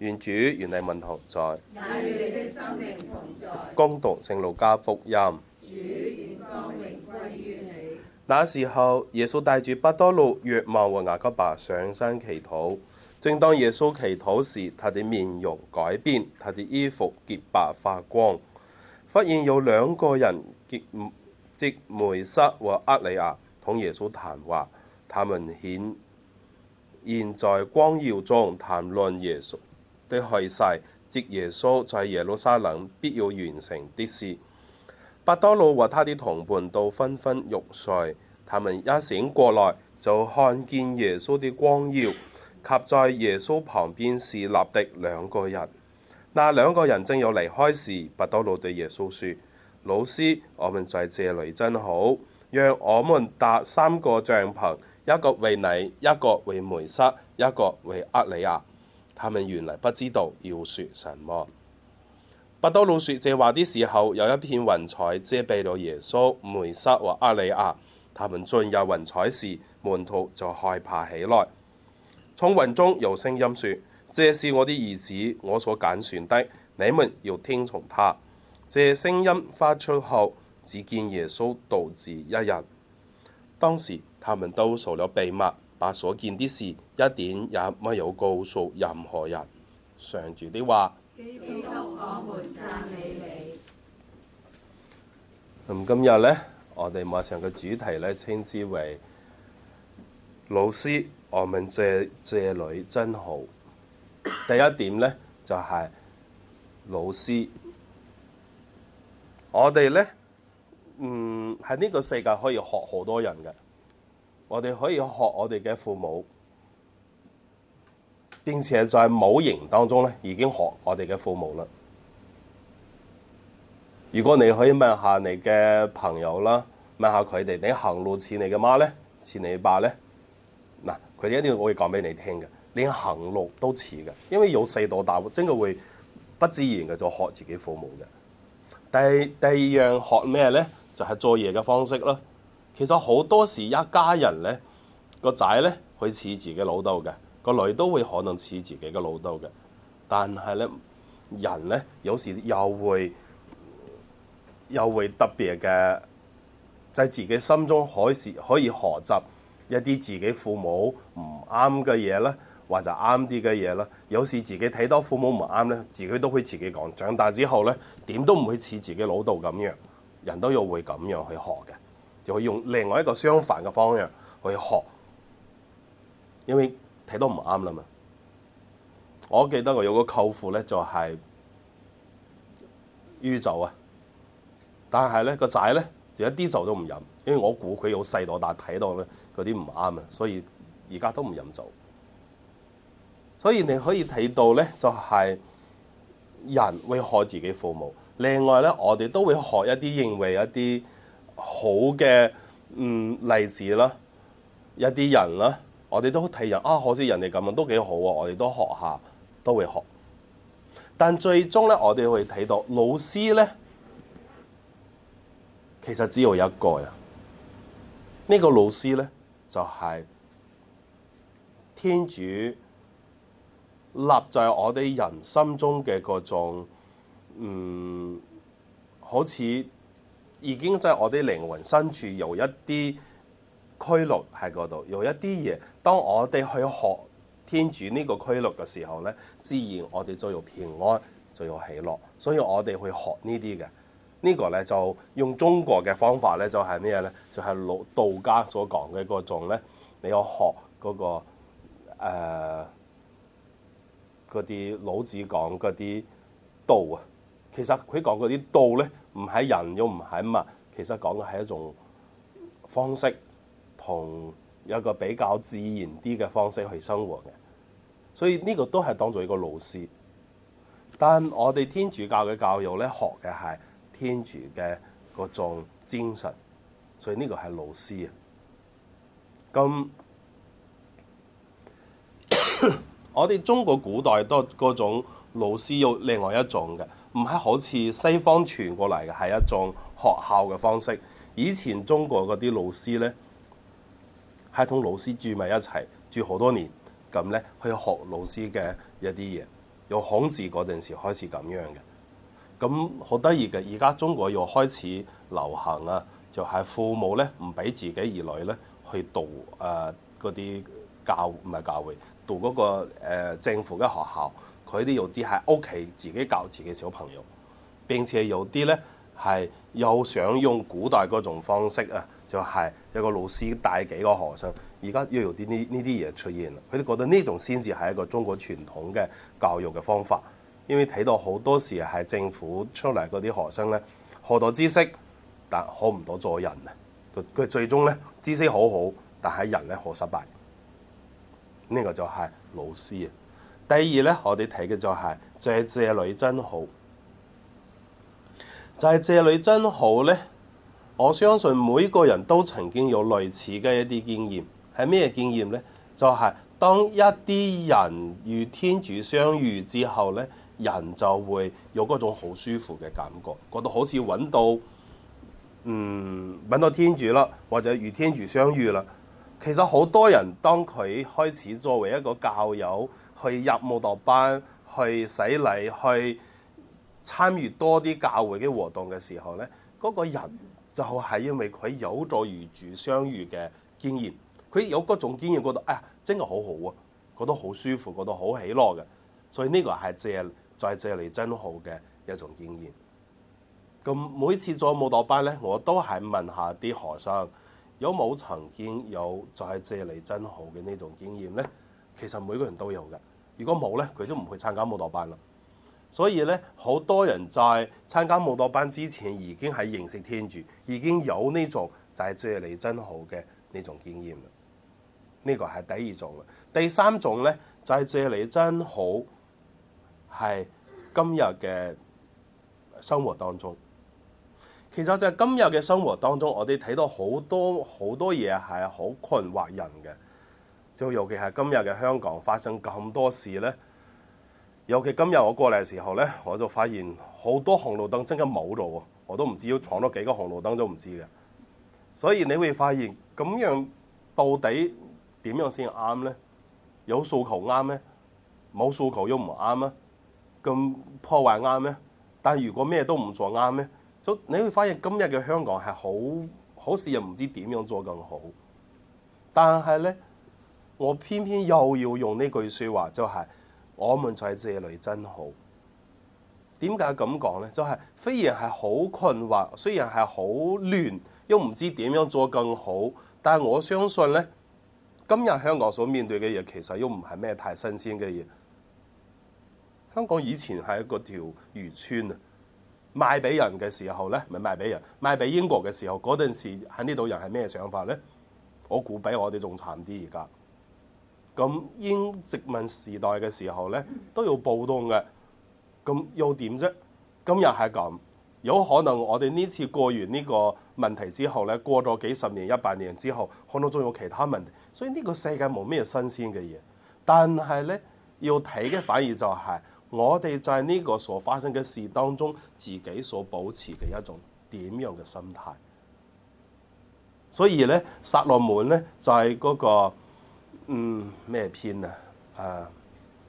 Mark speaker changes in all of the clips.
Speaker 1: 願主與你們同在。也與你的生命同在。恭讀聖路加福音。主，願光榮歸於你。那時候，耶穌帶住伯多祿、若望和雅各伯上山祈禱。正當耶穌祈禱時，他的面容改變，他的衣服潔白發光。發現有兩個人，即梅瑟和厄里亞，同耶穌談話。他們顯現在光耀中談論，談論耶穌的去世，接耶穌就係耶路撒冷必要完成的事。伯多祿和他的同伴都昏昏欲睡，他們一醒過來就看見耶穌的光耀，及在耶穌旁邊侍立的兩個人。那兩個人正要離開時，伯多祿對耶穌說：老師，我們在這裏真好，讓我們搭三個帳篷，一個為你，一個為梅瑟，一個為厄里亞。他們原來不知道要説什麼。伯多祿説這話的時候，有一片雲彩遮蔽了耶穌、梅瑟和阿里亞。他們進入雲彩時，門徒就害怕起來。從雲中有聲音説：這是我的兒子，我所揀選的，你們要聽從他。這聲音發出後，只見耶穌獨自一人。當時，他們都守了秘密。把所見啲事一點也冇有告訴任何人。常住啲話，咁今日呢，我哋馬上嘅主題呢，稱之為老師，我們在這裡真好。第一點呢，就係、是、老師，我哋呢，嗯，喺呢個世界可以學好多人嘅。我哋可以學我哋嘅父母，並且在母型當中咧，已經學我哋嘅父母啦。如果你可以問下你嘅朋友啦，問下佢哋，你行路似你嘅媽呢？似你爸呢？嗱，佢哋一定會講俾你聽嘅，連行路都似嘅，因為有細到大，真嘅會不自然嘅就學自己父母嘅。第第二樣學咩呢？就係做嘢嘅方式咯。其實好多時，一家人咧，個仔咧，佢似自己老豆嘅；個女都會可能似自己個老豆嘅。但係咧，人咧有時又會又會特別嘅，在、就係、自己心中可以可以學習一啲自己父母唔啱嘅嘢咧，或者啱啲嘅嘢啦。有時自己睇到父母唔啱咧，自己都會自己講：長大之後咧，點都唔會似自己老豆咁樣。人都要會咁樣去學嘅。去用另外一個相反嘅方向去學，因為睇到唔啱啦嘛。我記得我有個舅父咧就係酗酒啊，但係咧個仔咧就一啲酒都唔飲，因為我估佢好細到，但係睇到咧嗰啲唔啱啊，所以而家都唔飲酒。所以你可以睇到咧，就係人會害自己父母。另外咧，我哋都會學一啲認為一啲。好嘅嗯，例子啦，一啲人啦，我哋都睇人啊，好似人哋咁樣啊，都幾好啊，我哋都學下，都會學。但最終咧，我哋可以睇到老師咧，其實只有一個啊。呢、這個老師咧就係、是、天主立在我哋人心中嘅嗰種嗯，好似。已經就係我哋靈魂深處有一啲規律喺嗰度，有一啲嘢。當我哋去學天主呢個規律嘅時候咧，自然我哋就有平安，就有喜樂。所以我哋去學、這個、呢啲嘅，呢個咧就用中國嘅方法咧，就係咩咧？就係、是、老道家所講嘅嗰種咧，你要學嗰、那個嗰啲、呃、老子講嗰啲道啊。其實佢講嗰啲道咧。唔係人又唔係物，其實講嘅係一種方式，同一個比較自然啲嘅方式去生活嘅。所以呢個都係當做一個老師，但我哋天主教嘅教育咧，學嘅係天主嘅嗰種精神，所以呢個係老師啊。咁、嗯、 我哋中國古代都嗰種老師，有另外一種嘅。唔係好似西方傳過嚟嘅係一種學校嘅方式。以前中國嗰啲老師咧，係同老師住埋一齊住好多年，咁咧去學老師嘅一啲嘢。由孔子嗰陣時開始咁樣嘅，咁好得意嘅。而家中國又開始流行啦，就係父母咧唔俾自己兒女咧去讀誒嗰啲教唔係教會，讀嗰個誒政府嘅學校。佢啲有啲喺屋企自己教自己小朋友，並且有啲咧係又想用古代嗰種方式啊，就係一個老師帶幾個學生。而家又有啲呢呢啲嘢出現啦，佢哋覺得呢種先至係一個中國傳統嘅教育嘅方法，因為睇到好多時係政府出嚟嗰啲學生咧學到知識，但學唔到做人啊！佢最終咧知識好好，但係人咧學失敗。呢個就係老師啊！第二咧，我哋睇嘅就係在這裏真好。就係這裏真好呢，我相信每個人都曾經有類似嘅一啲經驗。係咩經驗呢？就係當一啲人與天主相遇之後呢，人就會有嗰種好舒服嘅感覺，覺得好似揾到嗯揾到天主啦，或者與天主相遇啦。其實好多人當佢開始作為一個教友，去入舞蹈班，去洗禮，去參與多啲教會嘅活動嘅時候呢嗰、嗰個人就係因為佢有咗與主相遇嘅經驗，佢有嗰種經驗覺得啊，真係好好啊，覺得、哎、覺得好舒服，覺得好喜樂嘅，所以呢個係在、在這裡真好嘅一種經驗。咁每次做舞蹈班呢，我都係問下啲學生有冇曾經有在這裡真好嘅呢種經驗呢？其實每個人都有嘅。如果冇咧，佢都唔去參加舞蹈班啦。所以咧，好多人在參加舞蹈班之前已經係認識天主，已經有呢種就係這裡真好嘅呢種經驗啦。呢、呢個係第二種。第三種咧就係這裡真好係今日嘅生活當中。其實就係今日嘅生活當中，我哋睇到好多好多嘢係好困惑人嘅。就尤其係今日嘅香港發生咁多事咧，尤其今日我過嚟嘅時候咧，我就發現好多紅綠燈真係冇咗喎，我都唔知要闖多幾個紅綠燈都唔知嘅。所以你會發現咁樣到底點樣先啱咧？有訴求啱咩？冇訴求又唔啱啊？咁破壞啱咩？但如果咩都唔做啱咩？所以你會發現今日嘅香港係好好似又唔知點樣做更好，但係咧。我偏偏又要用呢句説話，就係我們在這裏真好。點解咁講呢？就係雖然係好困惑，雖然係好亂，又唔知點樣做更好。但係我相信呢，今日香港所面對嘅嘢其實又唔係咩太新鮮嘅嘢。香港以前係一個條漁村啊，賣俾人嘅時候呢，咪賣俾人賣俾英國嘅時候，嗰陣時喺呢度人係咩想法呢？我估比我哋仲慘啲而家。咁英殖民時代嘅時候咧，都有暴動嘅，咁又點啫？今日係咁，有可能我哋呢次過完呢個問題之後咧，過咗幾十年，一百年之後，可能仲有其他問題。所以呢個世界冇咩新鮮嘅嘢，但係咧要睇嘅反而就係、是、我哋在呢個所發生嘅事當中，自己所保持嘅一種點樣嘅心態。所以咧，撒羅門咧就係、是、嗰、那個。嗯，咩篇啊？啊，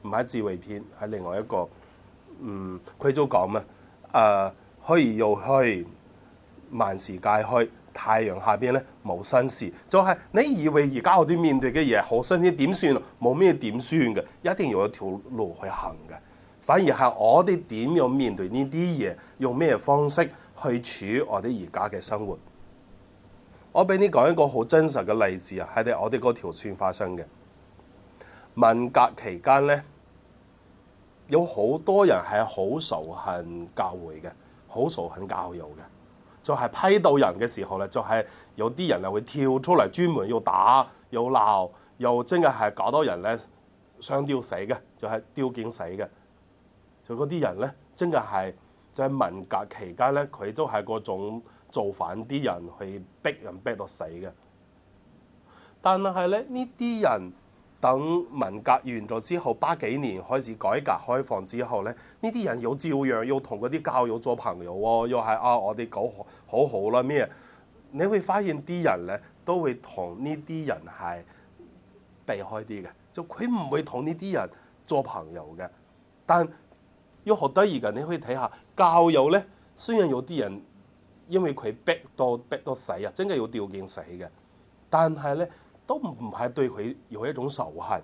Speaker 1: 唔喺智慧篇，喺另外一個。嗯，佢早講嘛，啊，虛而又虛，萬事皆虛，太陽下邊咧冇新事，就係、是、你以為而家我哋面對嘅嘢好新鮮，點算？冇咩點算嘅，一定要有條路去行嘅。反而係我哋點樣面對呢啲嘢，用咩方式去處我哋而家嘅生活。我俾你講一個好真實嘅例子啊，喺啲我哋嗰條村發生嘅。文革期間咧，有好多人係好仇恨教會嘅，好仇恨教育嘅，就係、是、批鬥人嘅時候咧，就係、是、有啲人係會跳出嚟，專門要打、要鬧、又真嘅係搞到人咧想吊死嘅，就係吊頸死嘅。就嗰、是、啲人咧，真嘅係就係文革期間咧，佢都係嗰種。造反啲人去逼人逼到死嘅，但係咧呢啲人等文革完咗之後，八幾年開始改革開放之後咧，呢啲人又照樣要同嗰啲教友做朋友又係啊我哋搞好好啦咩？你會發現啲人咧都會同呢啲人係避開啲嘅，就佢唔會同呢啲人做朋友嘅。但要好得意嘅，你可以睇下教友咧，雖然有啲人。因為佢逼到逼到死啊，真係要吊頸死嘅。但係咧，都唔係對佢有一種仇恨，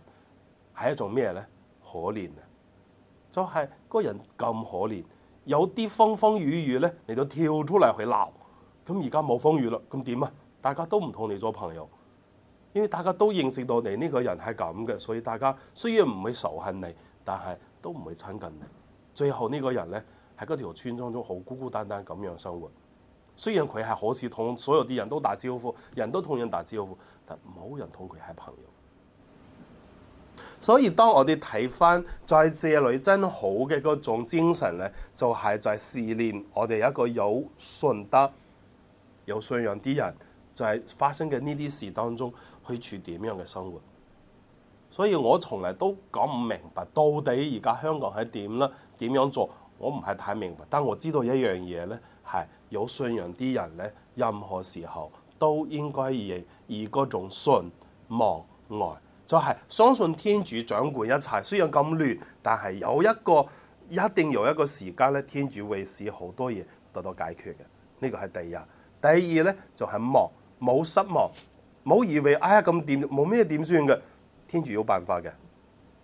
Speaker 1: 係一種咩咧？可憐啊！就係、是、個人咁可憐，有啲風風雨雨咧，你就跳出嚟去鬧。咁而家冇風雨啦，咁點啊？大家都唔同你做朋友，因為大家都認識到你呢、那個人係咁嘅，所以大家雖然唔會仇恨你，但係都唔會親近你。最後呢個人咧，喺嗰條村莊中好孤孤單單咁樣生活。雖然佢係好似同所有啲人都打招呼，人都同人打招呼，但冇人同佢係朋友。所以當我哋睇翻在這裡真好嘅嗰種精神咧，就係在試煉我哋一個有信德、有信仰啲人，就在發生嘅呢啲事當中去處點樣嘅生活。所以我從嚟都講唔明白到底而家香港係點啦？點樣做？我唔係太明白，但我知道一樣嘢咧，係。有信仰啲人咧，任何時候都應該以以嗰種信望愛，呃，就係、是、相信天主掌管一切。雖然咁亂，但係有一個一定有一個時間咧，天主會使好多嘢得到解決嘅。呢、這個係第一。第二咧就係、是、望，冇失望，冇以為哎呀咁點，冇咩點算嘅，天主有辦法嘅。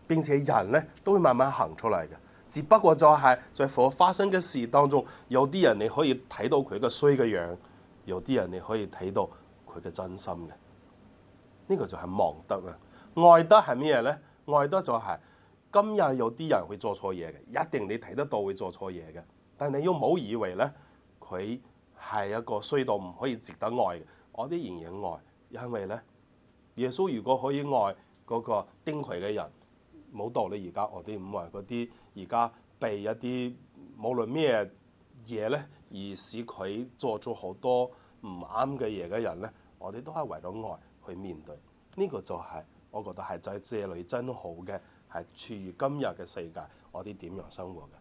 Speaker 1: 並且人咧都會慢慢行出嚟嘅。只不過就係在所發生嘅事當中，有啲人你可以睇到佢嘅衰嘅樣，有啲人你可以睇到佢嘅真心嘅。呢、這個就係望德啊！愛德係咩呢？愛德就係、是、今日有啲人會做錯嘢嘅，一定你睇得到會做錯嘢嘅。但係你要冇以為呢，佢係一個衰到唔可以值得愛嘅。我啲仍然愛，因為呢，耶穌如果可以愛嗰個釘佢嘅人。冇道理。而家，我哋唔為嗰啲而家被一啲無論咩嘢咧，而使佢做咗好多唔啱嘅嘢嘅人咧，我哋都係為咗愛去面對。呢、這個就係、是、我覺得係在這裡真好嘅，係處於今日嘅世界，我哋點樣生活嘅？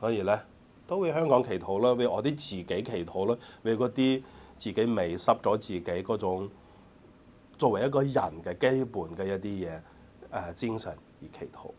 Speaker 1: 所以咧，都為香港祈禱啦，為我哋自己祈禱啦，為嗰啲自己迷失咗自己嗰種作為一個人嘅基本嘅一啲嘢。誒、呃、精神而祈禱。